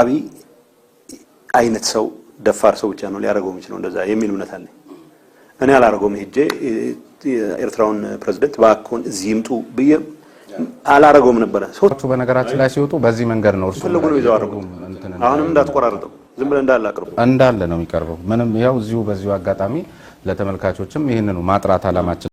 አብይ አይነት ሰው ደፋር ሰው ብቻ ነው ሊያደርገው የሚችለው እንደዛ የሚል እምነት አለ። እኔ አላደርገውም። ሄጄ የኤርትራውን ፕሬዝደንት እባክዎን እዚህ ይምጡ ብዬ አላደርገውም ነበረ። ሰዎቹ በነገራችን ላይ ሲወጡ በዚህ መንገድ ነው እርሱ ፈለጉ ነው ይዘው አደረጉ። አሁንም እንዳትቆራርጠው ዝም ብለህ እንዳለ አቅርቡ እንዳለ ነው የሚቀርበው። ምንም ያው እዚሁ በዚሁ አጋጣሚ ለተመልካቾችም ይህንኑ ማጥራት አላማችን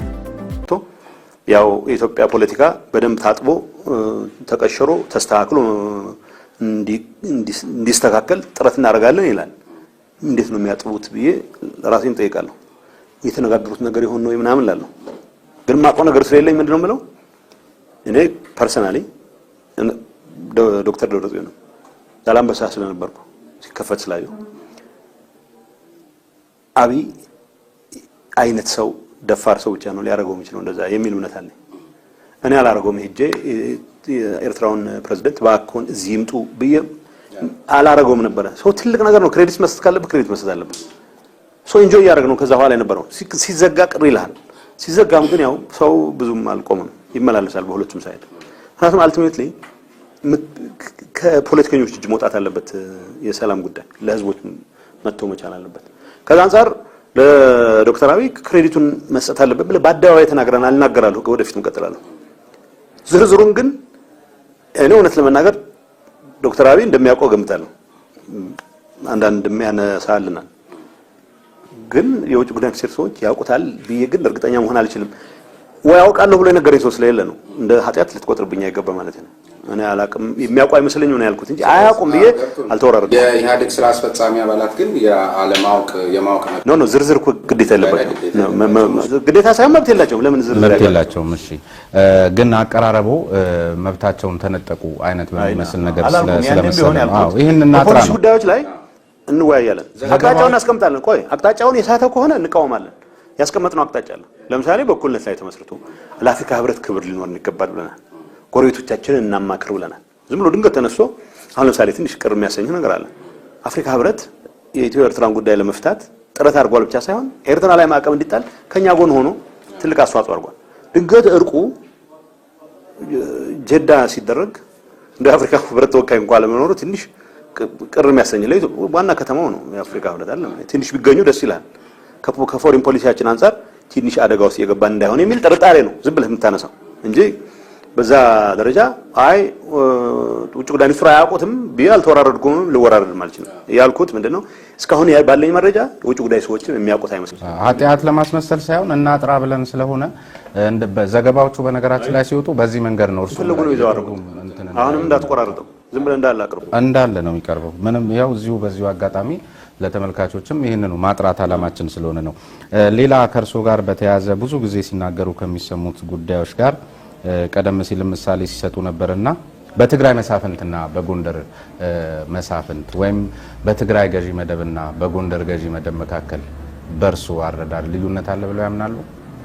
ያው የኢትዮጵያ ፖለቲካ በደንብ ታጥቦ ተቀሽሮ ተስተካክሎ እንዲስተካከል ጥረት እናደርጋለን ይላል። እንዴት ነው የሚያጥቡት ብዬ ራሴን ጠይቃለሁ። የተነጋገሩት ነገር ይሆን ነው ምናምን ላለሁ ግን ማውቀው ነገር ስለሌለኝ ምንድን ነው የምለው እኔ ፐርሰናሊ ዶክተር ደብረጽዮን ነው ዛላምበሳ ስለነበርኩ ሲከፈት ስላየሁ አብይ አይነት ሰው ደፋር ሰው ብቻ ነው ሊያደርገው የሚችለው እንደዛ የሚል እምነት አለ። እኔ አላደርገውም። ሄጄ የኤርትራውን ፕሬዚደንት እባክዎን እዚህ ይምጡ ብዬ አላደርገውም ነበረ። ሰው ትልቅ ነገር ነው። ክሬዲት መስጠት ካለብህ ክሬዲት መስጠት አለብህ። ሰው ኢንጆይ እያደረግ ነው። ከዛ በኋላ የነበረው ሲዘጋ ቅር ይልሃል። ሲዘጋም ግን ያው ሰው ብዙም አልቆምም፣ ይመላለሳል በሁለቱም ሳይድ። ምክንያቱም አልቲሜትሊ ከፖለቲከኞች እጅ መውጣት አለበት የሰላም ጉዳይ ለህዝቦች መጥቶ መቻል አለበት። ከዛ አንጻር ለዶክተር አብይ ክሬዲቱን መስጠት አለበት ብለህ በአደባባይ ተናግረናል። እናገራለሁ፣ ወደፊት እንቀጥላለሁ። ዝርዝሩን ግን እኔ እውነት ለመናገር ዶክተር አብይ እንደሚያውቀው ገምታለሁ። አንዳንድ የሚያነሳልናል ግን የውጭ ጉዳይ ሚኒስቴር ሰዎች ያውቁታል ብዬ ግን እርግጠኛ መሆን አልችልም። ወይ ብሎ የነገረኝ ሰው ስለሌለ ነው። እንደ ኃጢአት ልትቆጥርብኝ አይገባ ማለት ነው። እኔ አላቅም የሚያውቁ አይመስለኝም ነው ያልኩት እንጂ አያውቁም ብዬ አልተወራረድኩም። የኢህአዴግ ስራ አስፈጻሚ አባላት ግን የአለማወቅ የማወቅ ነው ነው ዝርዝር ግዴታ የለባቸው ግዴታ ሳይሆን መብት የላቸውም። ለምን ዝርዝር መብት የላቸውም? እሺ፣ ግን አቀራረቡ መብታቸውን ተነጠቁ አይነት በሚመስል ነገር ስለመሰለ ይህን እናጥራ ነው ጉዳዮች ላይ እንወያያለን። አቅጣጫውን እናስቀምጣለን። ቆይ አቅጣጫውን የሳተ ከሆነ እንቃወማለን። ያስቀመጥነው አቅጣጫ አለ። ለምሳሌ በእኩልነት ላይ ተመስርቶ ለአፍሪካ ህብረት ክብር ሊኖር ይገባል ብለናል። ጎረቤቶቻችንን እናማክር ብለናል። ዝም ብሎ ድንገት ተነስቶ አሁን ለምሳሌ ትንሽ ቅር የሚያሰኝ ነገር አለ። አፍሪካ ህብረት የኢትዮ ኤርትራን ጉዳይ ለመፍታት ጥረት አድርጓል ብቻ ሳይሆን ኤርትራ ላይ ማዕቀብ እንዲጣል ከኛ ጎን ሆኖ ትልቅ አስተዋጽኦ አድርጓል። ድንገት እርቁ ጀዳ ሲደረግ እንደ አፍሪካ ህብረት ተወካይ እንኳን ለመኖሩ ትንሽ ቅር የሚያሰኝ ዋና ከተማው ነው የአፍሪካ ህብረት አለ ትንሽ ቢገኙ ደስ ይላል። ከፎሪን ፖሊሲያችን አንጻር ትንሽ አደጋ ውስጥ የገባን እንዳይሆን የሚል ጥርጣሬ ነው ዝም ብለህ የምታነሳው እንጂ በዛ ደረጃ አይ ውጭ ጉዳይ ሚኒስትሩ አያውቁትም ብዬ አልተወራረድኩም፣ ማለት ነው ያልኩት ምንድን ነው እስካሁን ባለኝ መረጃ ውጭ ጉዳይ ሰዎችም የሚያውቁት አይመስልም። ኃጢአት ለማስመሰል ሳይሆን አጥራ ብለን ስለሆነ ዘገባዎቹ በነገራችን ላይ ሲወጡ በዚህ መንገድ ነው እርሱ ፈለጉ ነው አሁንም እንዳትቆራርጠው ዝም ብለህ እንዳለ አቅርቡ እንዳለ ነው የሚቀርበው። ምንም ያው እዚሁ በዚሁ አጋጣሚ ለተመልካቾችም ይህንኑ ማጥራት አላማችን ስለሆነ ነው። ሌላ ከእርሶ ጋር በተያያዘ ብዙ ጊዜ ሲናገሩ ከሚሰሙት ጉዳዮች ጋር ቀደም ሲል ምሳሌ ሲሰጡ ነበርና በትግራይ መሳፍንትና በጎንደር መሳፍንት ወይም በትግራይ ገዢ መደብና በጎንደር ገዢ መደብ መካከል በእርሱ አረዳድ ልዩነት አለ ብለው ያምናሉ?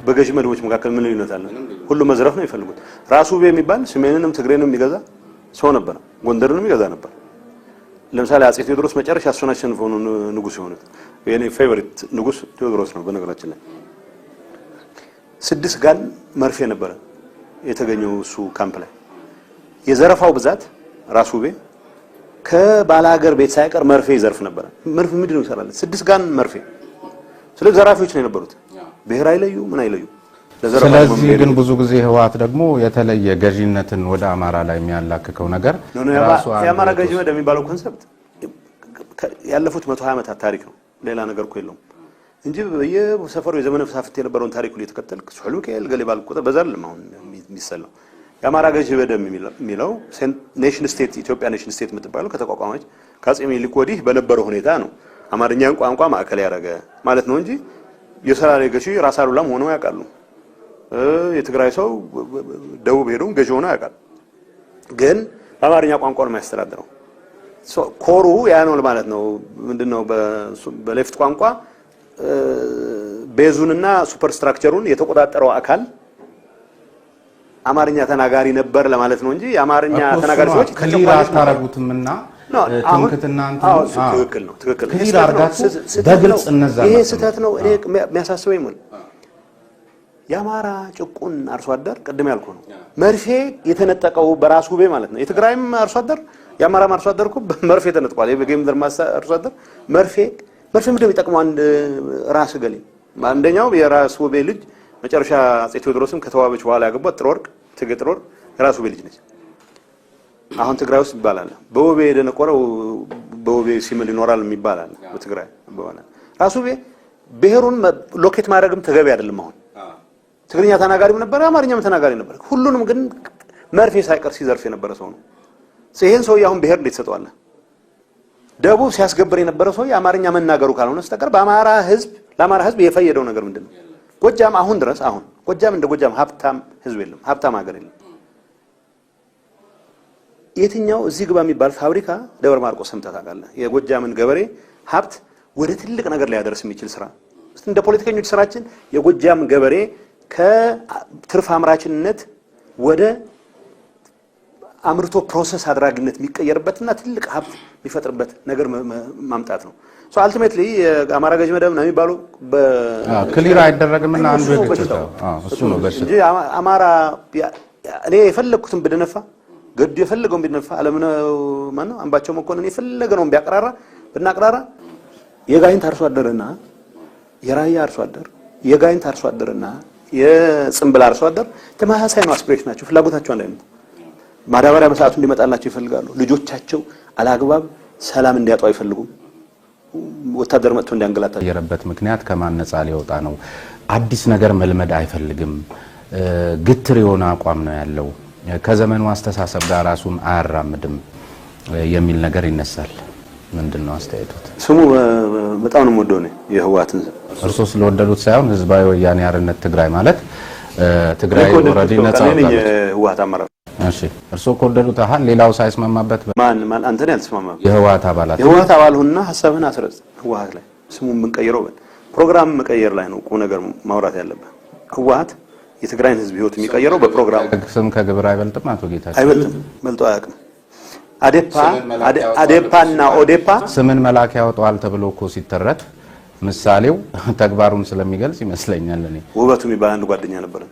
በገዢ መደቦች መካከል ምን ልዩነት አለ? ሁሉ መዝረፍ ነው የሚፈልጉት። ራሱ ውቤ የሚባል ሰሜንንም ትግሬንም የሚገዛ ሰው ነበር፣ ጎንደርንም ይገዛ ነበር። ለምሳሌ አጼ ቴዎድሮስ መጨረሻ እሱን አሸንፈው ነው ንጉስ የሆኑት። የኔ ፌቨሪት ንጉስ ቴዎድሮስ ነው። በነገራችን ላይ ስድስት ጋን መርፌ ነበረ የተገኘው እሱ ካምፕ ላይ የዘረፋው ብዛት ራሱ ቤ ከባላገር ቤት ሳይቀር መርፌ ይዘርፍ ነበረ። መርፌ ምንድነው ይሰራል? ስድስት ጋን መርፌ። ስለዚህ ዘራፊዎች ነው የነበሩት። ብሔር አይለዩ ምን አይለዩ። ስለዚህ ግን ብዙ ጊዜ ህወሓት ደግሞ የተለየ ገዢነትን ወደ አማራ ላይ የሚያላክከው ነገር የአማራ ገዢነት የሚባለው ኮንሰፕት ያለፉት መቶ ሀያ ዓመታት ታሪክ ነው። ሌላ ነገር እኮ የለውም። እንጂ በየሰፈሩ የዘመነ መሳፍንት የነበረውን ታሪኩን እየተከተልክ ስሑል ሚካኤል ገሌ ባልክ ቁጥር በዛ አይደለም አሁን የሚሰላው። የአማራ ገዢ በደም የሚለው ኔሽን ስቴት ኢትዮጵያ ኔሽን ስቴት የምትባለው ከተቋቋመች ከአጼ ምኒልክ ወዲህ በነበረው ሁኔታ ነው አማርኛን ቋንቋ ማዕከል ያደረገ ማለት ነው እንጂ የሰላሌ ገዢ ራስ አሉላም ሆነው ያውቃሉ። የትግራይ ሰው ደቡብ ሄዶም ገዢ ሆነው ያውቃል። ግን በአማርኛ ቋንቋ ነው የሚያስተዳድረው። ኮሩ ያ ነው ማለት ነው። ምንድነው በሌፍት ቋንቋ ቤዙንና ሱፐርስትራክቸሩን የተቆጣጠረው አካል አማርኛ ተናጋሪ ነበር ለማለት ነው እንጂ የአማርኛ ተናጋሪ ሰዎች ክሊር አታረጉትም እና ትምክትና ትክክል ነው። ትክክል ክሊር አርጋችሁ በግልጽ እነዛ ይሄ ስህተት ነው። እኔ የሚያሳስበኝ ሙል የአማራ ጭቁን አርሶ አደር ቅድም ያልኩ ነው መርፌ የተነጠቀው በራሱ ቤ ማለት ነው። የትግራይም አርሶ አደር የአማራም አርሶ አደር እኮ መርፌ ተነጥቋል። የጌምድር አርሶ አደር መርፌ በስም ደም አንድ ራስ ገሌ። አንደኛው የራስ ውቤ ልጅ መጨረሻ አፄ ቴዎድሮስም ከተዋበች በኋላ ያገቧት ጥሩወርቅ እቴጌ ጥሩወርቅ የራስ ውቤ ልጅ ነች። አሁን ትግራይ ውስጥ ይባላል በውቤ የደነቆረው በውቤ ሲምል ይኖራል የሚባላል በትግራይ በኋላ ራስ ውቤ ብሔሩን ሎኬት ማድረግም ተገቢ አይደለም። አሁን ትግርኛ ተናጋሪም ነበር፣ አማርኛም ተናጋሪ ነበር። ሁሉንም ግን መርፌ ሳይቀር ሲዘርፍ የነበረ ሰው ነው። ይሄን ሰውዬ አሁን ብሔር እንዴት ትሰጠዋለህ? ደቡብ ሲያስገብር የነበረ ሰው የአማርኛ መናገሩ ካልሆነ በስተቀር በአማራ ህዝብ ለአማራ ህዝብ የፈየደው ነገር ምንድን ነው? ጎጃም አሁን ድረስ አሁን ጎጃም እንደ ጎጃም ሀብታም ህዝብ የለም፣ ሀብታም ሀገር የለም። የትኛው እዚህ ግባ የሚባል ፋብሪካ ደብረ ማርቆስ ሰምተህ ታውቃለህ? የጎጃምን ገበሬ ሀብት ወደ ትልቅ ነገር ሊያደርስ የሚችል ስራ እንደ ፖለቲከኞች ስራችን የጎጃም ገበሬ ከትርፍ አምራችነት ወደ አምርቶ ፕሮሰስ አድራጊነት የሚቀየርበትና ትልቅ ሀብት የሚፈጥርበት ነገር ማምጣት ነው። አልቲሜትሊ የአማራ ገዥ መደብ ነው የሚባሉ ክሊር አይደረግምና አንዱ እንጂ አማራ እኔ የፈለግኩትን ብድነፋ ገዱ የፈለገውን ቢደነፋ አለምነው ማነው አምባቸው መኮንን ነው ቢያቅራራ ብናቅራራ የጋይንት አርሶ አደርና የራያ አርሶ አደር የጋይንት አርሶ አደርና የጽንብል አርሶ አደር ተመሳሳይ ነው። አስፒሬሽናቸው ፍላጎታቸው አንድ አይነት ማዳበሪያ በሰዓቱ እንዲመጣላቸው ይፈልጋሉ። ልጆቻቸው አላግባብ ሰላም እንዲያጡ አይፈልጉም። ወታደር መጥቶ እንዲያንገላታ የረበት ምክንያት ከማን ነፃ ሊወጣ ነው? አዲስ ነገር መልመድ አይፈልግም። ግትር የሆነ አቋም ነው ያለው። ከዘመኑ አስተሳሰብ ጋር ራሱን አያራምድም የሚል ነገር ይነሳል። ምንድን ነው አስተያየቱት? ስሙ በጣም ነው የምወደው ነው የህወሓትን እርሶ ስለወደዱት ሳይሆን ህዝባዊ ወያኔ ሓርነት ትግራይ ማለት ትግራይ ኦልሬዲ ነፃ ወጣለች። እሺ እርስዎ ከወደዱ ታህል ሌላው ሳይስማማበት ማን ማን አንተን ያልተስማማበት የህወሓት አባላት የህወሓት አባል ሁና ሀሳብህን አስረጽ። ህወሓት ላይ ስሙን የምንቀይረው ፕሮግራም መቀየር ላይ ነው ቁም ነገር ማውራት ያለብህ። ህወሓት የትግራይን ህዝብ ህይወት የሚቀይረው በፕሮግራም ስም ከግብር አይበልጥም። አቶ ጌታቸው አይበልጥም፣ በልጦ አያውቅም። አዴፓ አዴፓ እና ኦዴፓ ስምን መላክ ያወጣዋል ተብሎ እኮ ሲተረት ምሳሌው ተግባሩን ስለሚገልጽ ይመስለኛል። እኔ ውበቱ የሚባል አንድ ጓደኛ ነበረን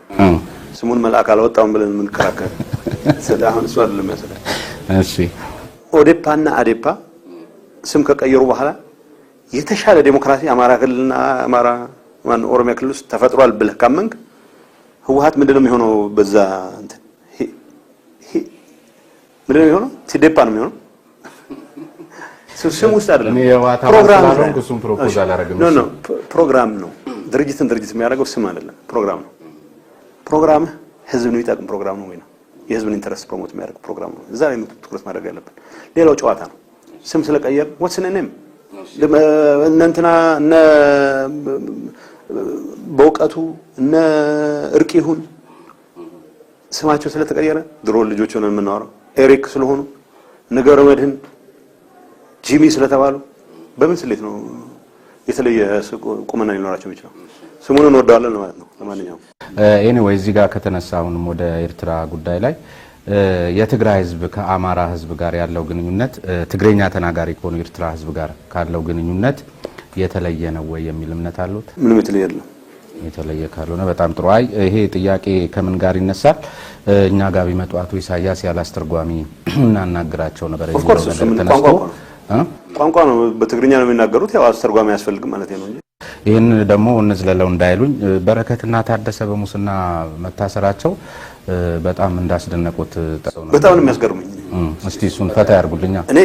ስሙን መልአክ አላወጣውም ብለን የምንከራከር ስለ አሁን እሱ አይደለም ያሰለ እሺ ኦዴፓና አዴፓ ስም ከቀየሩ በኋላ የተሻለ ዴሞክራሲ አማራ ክልልና አማራ ማን ኦሮሚያ ክልል ውስጥ ተፈጥሯል ብለህ ካመንክ ህወሓት ምንድነው የሚሆነው? በዛ እንትን ምንድነው የሚሆነው? ቲዴፓ ነው የሚሆነው። ስም ውስጥ አይደለም ፕሮግራም ነው። ድርጅትን ድርጅት የሚያደርገው ስም አይደለም ፕሮግራም ነው። ፕሮግራም ህዝብ ነው የሚጠቅም ፕሮግራም ነው ወይ ነው የህዝብን ኢንተረስት ፕሮሞት የሚያደርግ ፕሮግራም ነው። እዛ ላይ ነው ትኩረት ማድረግ ያለብን። ሌላው ጨዋታ ነው። ስም ስለቀየር ወስነ ነም እነ እንትና እነ በእውቀቱ እነ እርቅ ይሁን ስማቸው ስለተቀየረ ድሮ ልጆች ሆነን የምናወራው ኤሪክ ስለሆኑ ነገረ መድህን ጂሚ ስለተባሉ በምን ስሌት ነው የተለየ ቁመና ሊኖራቸው የሚችለው? ስሙን እንወደዋለን ማለት ነው። ለማንኛውም ኤኒዌይ እዚህ ጋር ከተነሳ አሁንም ወደ ኤርትራ ጉዳይ ላይ የትግራይ ህዝብ ከአማራ ህዝብ ጋር ያለው ግንኙነት ትግረኛ ተናጋሪ ከሆኑ ኤርትራ ህዝብ ጋር ካለው ግንኙነት የተለየ ነው ወይ የሚል እምነት አሉት? ምንም የተለየ የለም። የተለየ ካልሆነ በጣም ጥሩ። አይ ይሄ ጥያቄ ከምን ጋር ይነሳል? እኛ ጋር ቢመጡ አቶ ኢሳያስ ያለ አስተርጓሚ እናናግራቸው ነበር ቋንቋ ነው፣ በትግርኛ ነው የሚናገሩት። ያው አስተርጓሚ አያስፈልግም ማለት ነው እንጂ ይህን ደግሞ እንዝለለው እንዳይሉኝ በረከትና ታደሰ በሙስና መታሰራቸው በጣም እንዳስደነቁት በጣም ነው የሚያስገርሙኝ። እስቲ እሱን ፈታ ያርጉልኛ። እኔ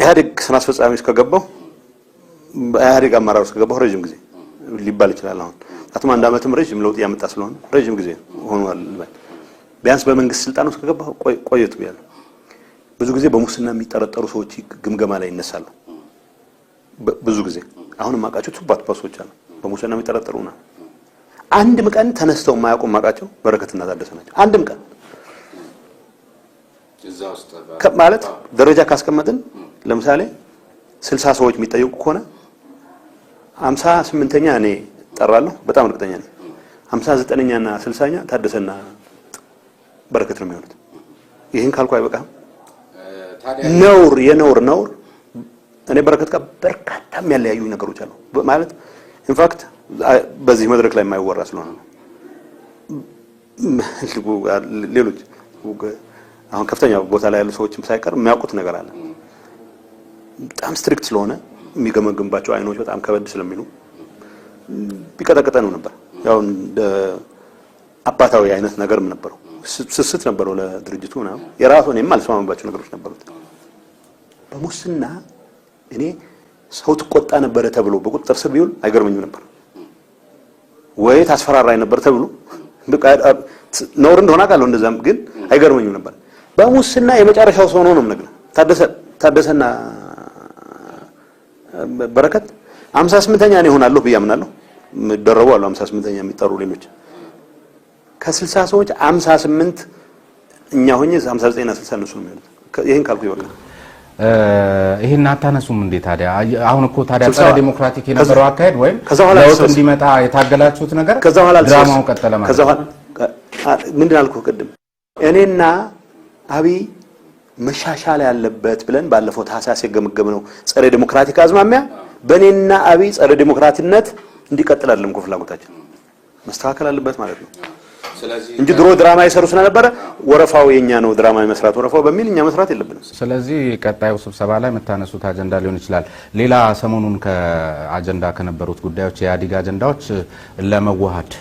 ኢህአዴግ ስራ አስፈጻሚ እስከገባው ኢህአዴግ አመራር እስከገባው ረዥም ጊዜ ሊባል ይችላል። አሁን አትማ አንድ አመትም ረዥም ለውጥ እያመጣ ስለሆነ ረዥም ጊዜ ሆኗል። ቢያንስ በመንግስት ስልጣን ውስጥ ከገባሁ ቆየት ብያለሁ። ብዙ ጊዜ በሙስና የሚጠረጠሩ ሰዎች ግምገማ ላይ ይነሳሉ። ብዙ ጊዜ አሁን አውቃቸው ቱባት ባሶች አሉ። በሙስና የሚጠረጠሩ ነው። አንድም ቀን ተነስተው የማያውቁ የማውቃቸው በረከትና ታደሰ ናቸው። አንድም ቀን ማለት ደረጃ ካስቀመጥን ለምሳሌ ስልሳ ሰዎች የሚጠየቁ ከሆነ ሀምሳ ስምንተኛ እኔ ጠራለሁ፣ በጣም እርግጠኛ ነኝ። ሀምሳ ዘጠነኛና ስልሳኛ ታደሰና በረከት ነው የሚሆኑት። ይህን ካልኩ አይበቃም። ነውር የነውር ነውር እኔ በረከት ጋር በርካታ የሚያለያዩ ነገሮች አሉ። ማለት ኢንፋክት በዚህ መድረክ ላይ የማይወራ ስለሆነ ነው። ሌሎች አሁን ከፍተኛ ቦታ ላይ ያሉ ሰዎችም ሳይቀር የሚያውቁት ነገር አለ። በጣም ስትሪክት ስለሆነ የሚገመግምባቸው አይኖች በጣም ከበድ ስለሚሉ ቢቀጠቀጠ ነው ነበር። ያው እንደ አባታዊ አይነት ነገርም ነበረው፣ ስስት ነበረው ለድርጅቱ ምናምን። የራሱ እኔም አልስማማባቸው ነገሮች ነበሩት በሙስና እኔ ሰው ትቆጣ ነበረ ተብሎ በቁጥጥር ስር ቢውል አይገርመኝም ነበር ወይ ታስፈራራኝ ነበር ተብሎ ነውር እንደሆነ አውቃለሁ። እንደዛም ግን አይገርመኝም ነበር። በሙስና የመጨረሻው ሰው ነው ነው የምነግርህ። ታደሰ ታደሰና በረከት 58ኛ ነው ይሆናለሁ ብዬ አምናለሁ። የሚደረቡ አሉ 58ኛ የሚጠሩ ሌሎች ከ60 ሰዎች 58 እኛ ሆኜ 59 60 እነሱ ነው የሚሆኑት። ይሄን ካልኩ ይበቃል። ይሄን አታነሱም እንዴ? ታዲያ አሁን እኮ ታዲያ ጸረ ዲሞክራቲክ የነበረው አካሄድ ወይም ለውጥ እንዲመጣ የታገላችሁት ነገር ድራማውን ቀጠለ ማለት ምንድን አልኩ ቅድም እኔና አብይ መሻሻል ያለበት ብለን ባለፈው ታህሳስ የገመገም ነው ጸረ ዲሞክራቲክ አዝማሚያ በእኔና አብይ ጸረ ዴሞክራቲነት እንዲቀጥል አይደለም ፍላጎታችን መስተካከል አለበት ማለት ነው። እንጂ ድሮ ድራማ ይሰሩ ስለነበረ ወረፋው የኛ ነው ድራማ መስራት ወረፋው በሚል እኛ መስራት የለብንም። ስለዚህ ቀጣዩ ስብሰባ ላይ የምታነሱት አጀንዳ ሊሆን ይችላል። ሌላ ሰሞኑን ከአጀንዳ ከነበሩት ጉዳዮች የኢህአዴግ አጀንዳዎች ለመዋሃድ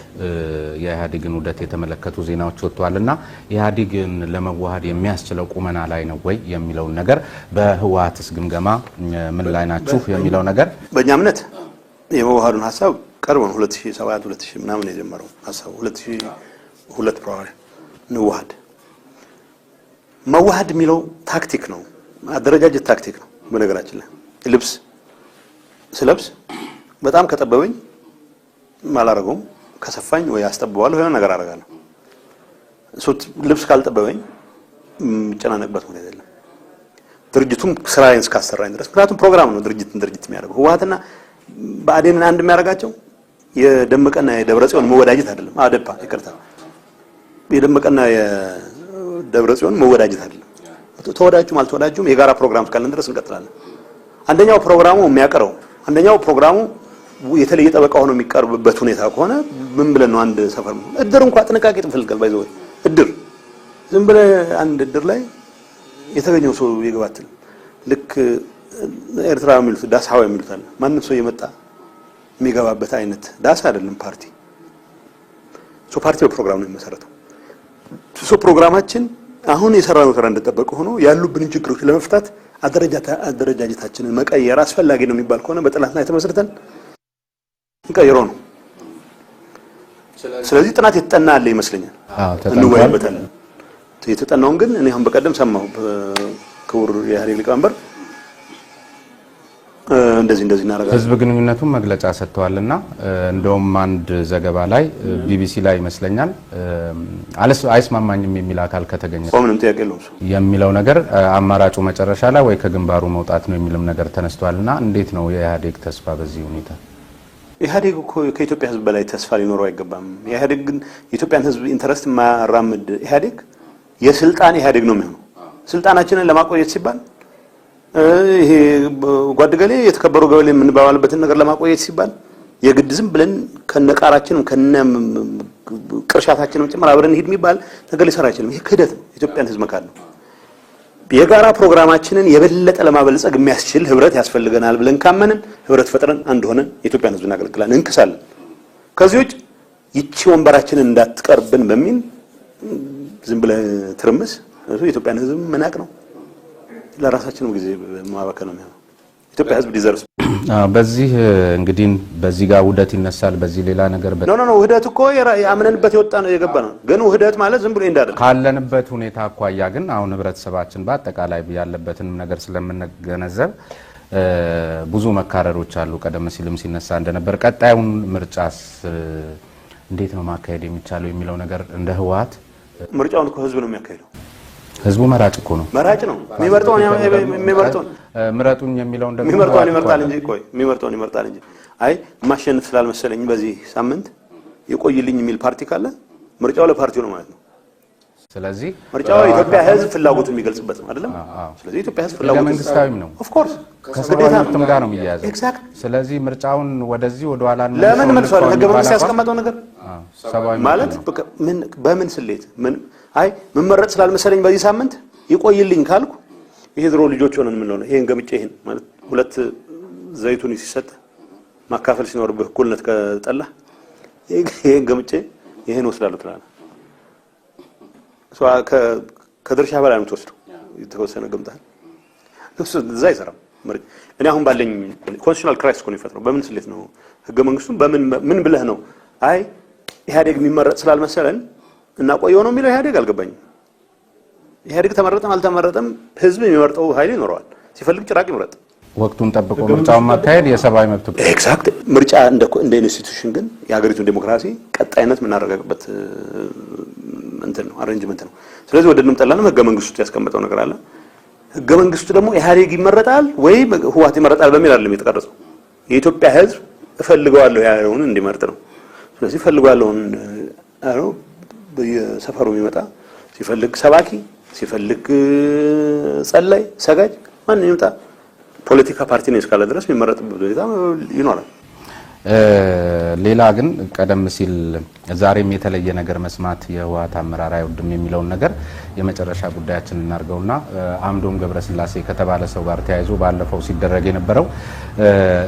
የኢህአዴግን ውህደት የተመለከቱ ዜናዎች ወጥተዋልና ኢህአዴግን ለመዋሃድ የሚያስችለው ቁመና ላይ ነው ወይ የሚለውን ነገር በህወሓትስ ግምገማ ምን ላይ ናችሁ የሚለው ነገር በእኛ እምነት የመዋሃዱን ሀሳብ ቀርቦ ነው 2007 2000 ምናምን የጀመረው ሀሳቡ ሁለት ፕሮግራም ንዋሃድ መዋሃድ የሚለው ታክቲክ ነው፣ አደረጃጀት ታክቲክ ነው። በነገራችን ላይ ልብስ ስለብስ በጣም ከጠበበኝ አላረገውም፣ ከሰፋኝ ወይ አስጠብበዋለሁ የሆነ ነገር አደርጋለሁ። ሱት ልብስ ካልጠበበኝ የምጨናነቅበት ሁኔታ የለም። ድርጅቱም ስራዬን እስካሰራኝ ድረስ ምክንያቱም ፕሮግራም ነው ድርጅትን ድርጅት የሚያደርገው ህወሓትና ብአዴንን አንድ የሚያደርጋቸው የደመቀና የደብረጽዮን መወዳጀት አይደለም። አደባ ይቅርታ የደመቀና የደብረ ጽዮን መወዳጀት አይደለም። ተወዳጁም አልተወዳጁም የጋራ ፕሮግራም እስካለን ድረስ እንቀጥላለን። አንደኛው ፕሮግራሙ የሚያቀረው አንደኛው ፕሮግራሙ የተለየ ጠበቃ ሆኖ የሚቀርብበት ሁኔታ ከሆነ ምን ብለን ነው አንድ ሰፈር እድር እንኳን ጥንቃቄ ትፈልጋል። ባይዘው እድር ዝም ብለ አንድ እድር ላይ የተገኘው ሰው ይገባትል። ልክ ኤርትራ የሚሉት ዳሳዋ የሚሉት አለ። ማንም ሰው የመጣ የሚገባበት አይነት ዳሳ አይደለም ፓርቲ ሶ ፓርቲ በፕሮግራም ነው የሚመሰረተው። ሶ ፕሮግራማችን አሁን የሰራነው ስራ እንደጠበቀ ሆኖ ያሉብንን ችግሮች ለመፍታት አደረጃጀታችንን መቀየር አስፈላጊ ነው የሚባል ከሆነ በጥናት ላይ ተመስርተን እንቀይረው ነው። ስለዚህ ጥናት የተጠና አለ ይመስለኛል፣ እንወያይበታለን። የተጠናውን ግን እኔ አሁን በቀደም ሰማሁ ክቡር የኢህአዴግ ሊቀመንበር እንደዚህ እንደዚህ እናደርጋለን። ህዝብ ግንኙነቱን መግለጫ ሰጥተዋልና እንደውም አንድ ዘገባ ላይ ቢቢሲ ላይ ይመስለኛል አይስማማኝም የሚል አካል ከተገኘ ምንም ጥያቄ የለውም የሚለው ነገር አማራጩ መጨረሻ ላይ ወይ ከግንባሩ መውጣት ነው የሚልም ነገር ተነስተዋልና እንዴት ነው የኢህአዴግ ተስፋ በዚህ ሁኔታ? ኢህአዴግ እኮ ከኢትዮጵያ ህዝብ በላይ ተስፋ ሊኖረው አይገባም። ኢህአዴግ ግን የኢትዮጵያን ህዝብ ኢንተረስት የማያራምድ ኢህአዴግ የስልጣን ኢህአዴግ ነው የሚሆነው። ስልጣናችንን ለማቆየት ሲባል ይሄ ጓድ ገሌ የተከበሩ ገበሌ የምንባባልበትን ነገር ለማቆየት ሲባል የግድ ዝም ብለን ከነቃራችንም ከነ ቅርሻታችንም ጭምር አብረን ሄድ የሚባል ነገር ሊሰራ አይችልም። ይሄ ክህደት ነው፣ የኢትዮጵያን ህዝብ መካድ ነው። የጋራ ፕሮግራማችንን የበለጠ ለማበልጸግ የሚያስችል ህብረት ያስፈልገናል ብለን ካመንን ህብረት ፈጥረን አንድ ሆነን የኢትዮጵያን ህዝብ እናገልግላለን፣ እንክሳለን። ከዚህ ውጭ ይቺ ወንበራችንን እንዳትቀርብን በሚል ዝም ብለህ ትርምስ፣ የኢትዮጵያን ህዝብ መናቅ ነው። ለራሳችንም ጊዜ ማባከ ነው የሚሆነው። ኢትዮጵያ ሕዝብ ዲዘርቭስ በዚህ እንግዲህ በዚህ ጋር ውህደት ይነሳል። በዚህ ሌላ ነገር ኖ ኖ ውህደት እኮ አምነንበት የወጣ ነው የገባ ነው። ግን ውህደት ማለት ዝም ብሎ እንዳለ ካለንበት ሁኔታ አኳያ ግን አሁን ህብረተሰባችን በአጠቃላይ ያለበትንም ነገር ስለምንገነዘብ ብዙ መካረሮች አሉ። ቀደም ሲልም ሲነሳ እንደነበር ቀጣዩን ምርጫስ እንዴት ነው ማካሄድ የሚቻለው የሚለው ነገር እንደ ህወሓት ምርጫውን እኮ ህዝብ ነው የሚያካሄደው። ህዝቡ መራጭ እኮ ነው። መራጭ ነው የሚመርጠው የሚመርጠው ምረጡን የሚለውን ደግሞ የሚመርጠውን ይመርጣል እንጂ ቆይ የሚመርጠውን ይመርጣል እንጂ አይ ማሸነፍ ስላልመሰለኝ በዚህ ሳምንት ይቆይልኝ የሚል ፓርቲ ካለ ምርጫው ለፓርቲው ነው ማለት ነው። ስለዚህ ምርጫው የኢትዮጵያ ህዝብ ፍላጎት የሚገልጽበት ነው አይደለም። ስለዚህ ኢትዮጵያ ህዝብ ፍላጎት መንግስታዊም ነው ኦፍ ኮርስ ከሰብአዊነትም ጋር ነው የሚያያዘው። ስለዚህ ምርጫውን ወደዚህ ወደ ኋላ ለምን መልሷል? ህገ መንግስት ያስቀመጠው ነገር ማለት በምን ስሌት አይ መመረጥ ስላልመሰለኝ በዚህ ሳምንት ይቆይልኝ ካልኩ ይሄ ድሮ ልጆች ሆነን ምን ነው ይሄን ገምጬ ይሄን ማለት ሁለት ዘይቱን ሲሰጥ ማካፈል ሲኖርብህ እኩልነት ከጠላ ይሄን ገምጬ ይሄን ወስዳለሁ ትላለህ። ከድርሻ በላይ ነው የምትወስደው። የተወሰነ ገምተሃል። እዛ አይሰራም። እኔ አሁን ባለኝ ኮንስቲቱሽናል ክራይስ እኮ ነው የሚፈጥረው። በምን ስሌት ነው ህገ መንግስቱን በምን ምን ብለህ ነው አይ ኢህአዴግ የሚመረጥ ስላልመሰለን እናቆየው ነው የሚለው ኢህአዴግ አልገባኝም። ኢህአዴግ ተመረጠም አልተመረጠም ህዝብ የሚመርጠው ኃይል ይኖረዋል። ሲፈልግ ጭራቅ ይምረጥ። ወቅቱን ጠብቆ ምርጫውን ማካሄድ የሰብአዊ መብት ኤግዛክት። ምርጫ እንደ ኢንስቲቱሽን ግን የሀገሪቱን ዴሞክራሲ ቀጣይነት የምናረጋግበት እንትን ነው አሬንጅመንት ነው። ስለዚህ ወደድንም ጠላንም ህገ መንግስቱ ያስቀመጠው ነገር አለ። ህገ መንግስቱ ደግሞ ኢህአዴግ ይመረጣል ወይ ህወሓት ይመረጣል በሚል አይደለም የተቀረጸው። የኢትዮጵያ ህዝብ እፈልገዋለሁ ያለውን እንዲመርጥ ነው። ስለዚህ እፈልገዋለሁን በየሰፈሩ የሚመጣ ሲፈልግ ሰባኪ፣ ሲፈልግ ጸላይ፣ ሰጋጅ ማን ይመጣ ፖለቲካ ፓርቲ ነው እስካለ ድረስ የሚመረጥበት ሁኔታ ይኖራል። ሌላ ግን ቀደም ሲል ዛሬም የተለየ ነገር መስማት የህወሓት አመራር አይወድም የሚለውን ነገር የመጨረሻ ጉዳያችን እናድርገውና አምዶም ገብረስላሴ ከተባለ ሰው ጋር ተያይዞ ባለፈው ሲደረግ የነበረው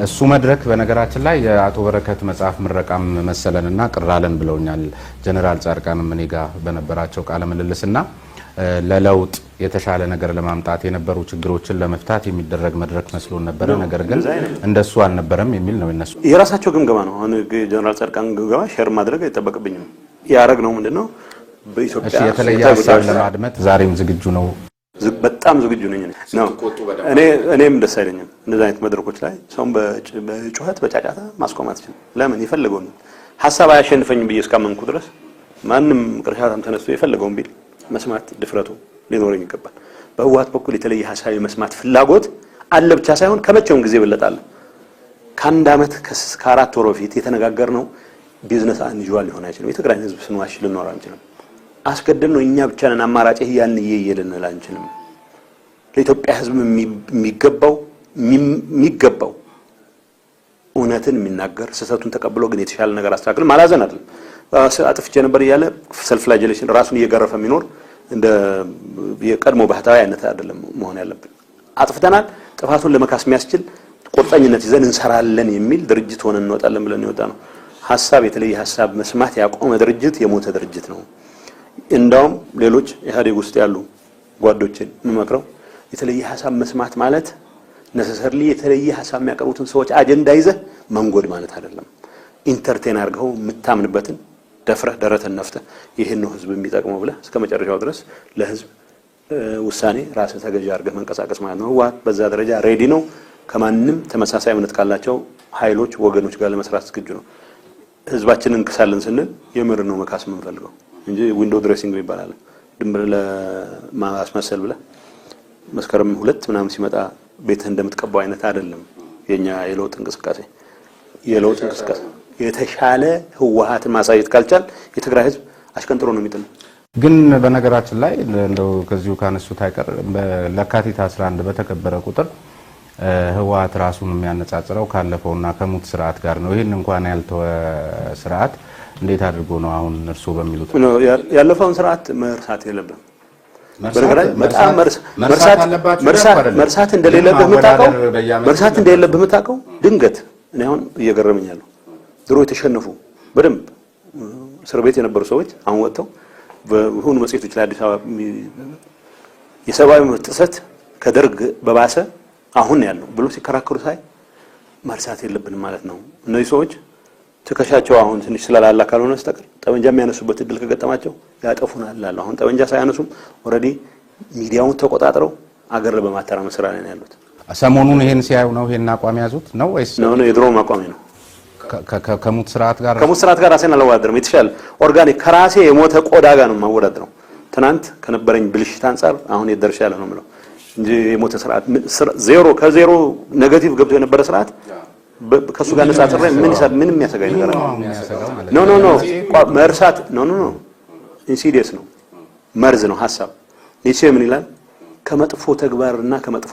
እሱ መድረክ በነገራችን ላይ የአቶ በረከት መጽሐፍ ምረቃም መሰለንና ቅራለን ብለውኛል። ጀኔራል ጻድቃንም እኔ በነበራቸው ቃለ ምልልስና ለለውጥ የተሻለ ነገር ለማምጣት የነበሩ ችግሮችን ለመፍታት የሚደረግ መድረክ መስሎን ነበረ። ነገር ግን እንደሱ አልነበረም የሚል ነው የነሱ የራሳቸው ግምገማ ነው። አሁን ጀነራል ጻድቃን ግምገማ ሼር ማድረግ አይጠበቅብኝም። ያረግ ነው ምንድን ነው በኢትዮጵያ የተለየ ሀሳብ ለማድመጥ ዛሬም ዝግጁ ነው። በጣም ዝግጁ ነኝ ነው። እኔም ደስ አይለኝም እንደዚህ አይነት መድረኮች ላይ ሰውን በጩኸት በጫጫታ ማስቆማት አትችልም። ለምን የፈለገውን ሀሳብ አያሸንፈኝም ብዬ እስካመንኩ ድረስ ማንም ቅርሻታም ተነስቶ የፈለገውን ቢል መስማት ድፍረቱ ሊኖረኝ ይገባል። በህወሓት በኩል የተለየ ሀሳብ የመስማት ፍላጎት አለ ብቻ ሳይሆን ከመቼውም ጊዜ ይበለጣል። ከአንድ ዓመት ከአራት ወር በፊት ነው ቢዝነስ አንዩዋል ሊሆን አይችልም። የትግራይን ህዝብ ስንዋሽ ልንኖር አንችልም። አስገድል ነው እኛ ብቻ ነን አማራጭ ያን እየየ ልንል አንችልም። ለኢትዮጵያ ህዝብ የሚገባው የሚገባው እውነትን የሚናገር ስህተቱን ተቀብሎ ግን የተሻለ ነገር አስተካክል ማላዘን አይደለም አጥፍቼ ነበር እያለ ሰልፍ ፍላጀሌሽን ራሱን እየገረፈ የሚኖር እንደ የቀድሞ ባህታዊ አይነት አይደለም መሆን ያለብን። አጥፍተናል፣ ጥፋቱን ለመካስ የሚያስችል ቁርጠኝነት ይዘን እንሰራለን የሚል ድርጅት ሆነን እንወጣለን ብለን ይወጣ ነው። ሀሳብ የተለየ ሀሳብ መስማት ያቆመ ድርጅት የሞተ ድርጅት ነው። እንዳውም ሌሎች ኢህአዴግ ውስጥ ያሉ ጓዶችን የምመክረው የተለየ ሀሳብ መስማት ማለት ነሰሰርሊ የተለየ ሀሳብ የሚያቀርቡትን ሰዎች አጀንዳ ይዘህ መንጎድ ማለት አይደለም። ኢንተርቴን አድርገው የምታምንበትን ደፍረህ ደረትን ነፍተህ ይህን ነው ህዝብ የሚጠቅመው ብለህ እስከ መጨረሻው ድረስ ለህዝብ ውሳኔ ራስ ተገዢ አድርገህ መንቀሳቀስ ማለት ነው። ህወሓት በዛ ደረጃ ሬዲ ነው። ከማንም ተመሳሳይ እምነት ካላቸው ኃይሎች ወገኖች ጋር ለመስራት ዝግጁ ነው። ህዝባችንን እንክሳለን ስንል የምር ነው መካስ የምንፈልገው እንጂ ዊንዶ ድሬሲንግ ይባላል ድንብር ለማስመሰል ብለ መስከረም ሁለት ምናምን ሲመጣ ቤትህ እንደምትቀባው አይነት አይደለም የኛ የለውጥ እንቅስቃሴ የለውጥ እንቅስቃሴ የተሻለ ህወሀት ማሳየት ካልቻል የትግራይ ህዝብ አሽቀንጥሮ ነው የሚጥል። ግን በነገራችን ላይ እንደው ከዚሁ ካነሱት አይቀር ለካቲት 11 በተከበረ ቁጥር ህወሀት ራሱን የሚያነጻጽረው ካለፈውና ከሙት ስርዓት ጋር ነው። ይህን እንኳን ያልተወ ስርዓት እንዴት አድርጎ ነው አሁን እርስዎ በሚሉት ያለፈውን ስርዓት መርሳት የለብን መርሳት እንደሌለብህ የምታውቀው ድንገት እኔ አሁን እየገረመኝ ያለው ድሮ የተሸነፉ በደንብ እስር ቤት የነበሩ ሰዎች አሁን ወጥተው በሆኑ መጽሔቶች ላይ አዲስ አበባ የሰብአዊ መብት ጥሰት ከደርግ በባሰ አሁን ያለው ብሎ ሲከራከሩ ሳይ መርሳት የለብንም ማለት ነው። እነዚህ ሰዎች ትከሻቸው አሁን ትንሽ ስለላላ ካልሆነ በስተቀር ጠመንጃ የሚያነሱበት እድል ከገጠማቸው ያጠፉናል እላለሁ። አሁን ጠመንጃ ሳያነሱም ኦልሬዲ ሚዲያውን ተቆጣጥረው አገር በማተራመስ ስራ ላይ ነው ያሉት። ሰሞኑን ይሄን ሲያዩ ነው ይሄን አቋም ያዙት ነው ወይስ ነው? የድሮውም አቋሜ ነው። ከሙት ስርዓት ጋር ከሙት ስርዓት ጋር ራሴን አላወዳደርም። የተሻለ ኦርጋኒክ ከራሴ የሞተ ቆዳ ጋር ነው የማወዳደረው። ትናንት ከነበረኝ ብልሽት አንጻር አሁን የት ያለ ነው የምለው እንጂ የሞተ ስርዓት ዜሮ ከዜሮ ኔጋቲቭ ገብቶ የነበረ ስርዓት ከሱ ጋር ነጻጽሬ ምን ይሳብ ምንም የሚያሰጋኝ ነገር ነው። ኖ ኖ ኖ መርሳት ኖ ኖ ኖ ኢንሲዲየስ ነው መርዝ ነው ሀሳብ ኒቼ ምን ይላል? ከመጥፎ ተግባርና ከመጥፎ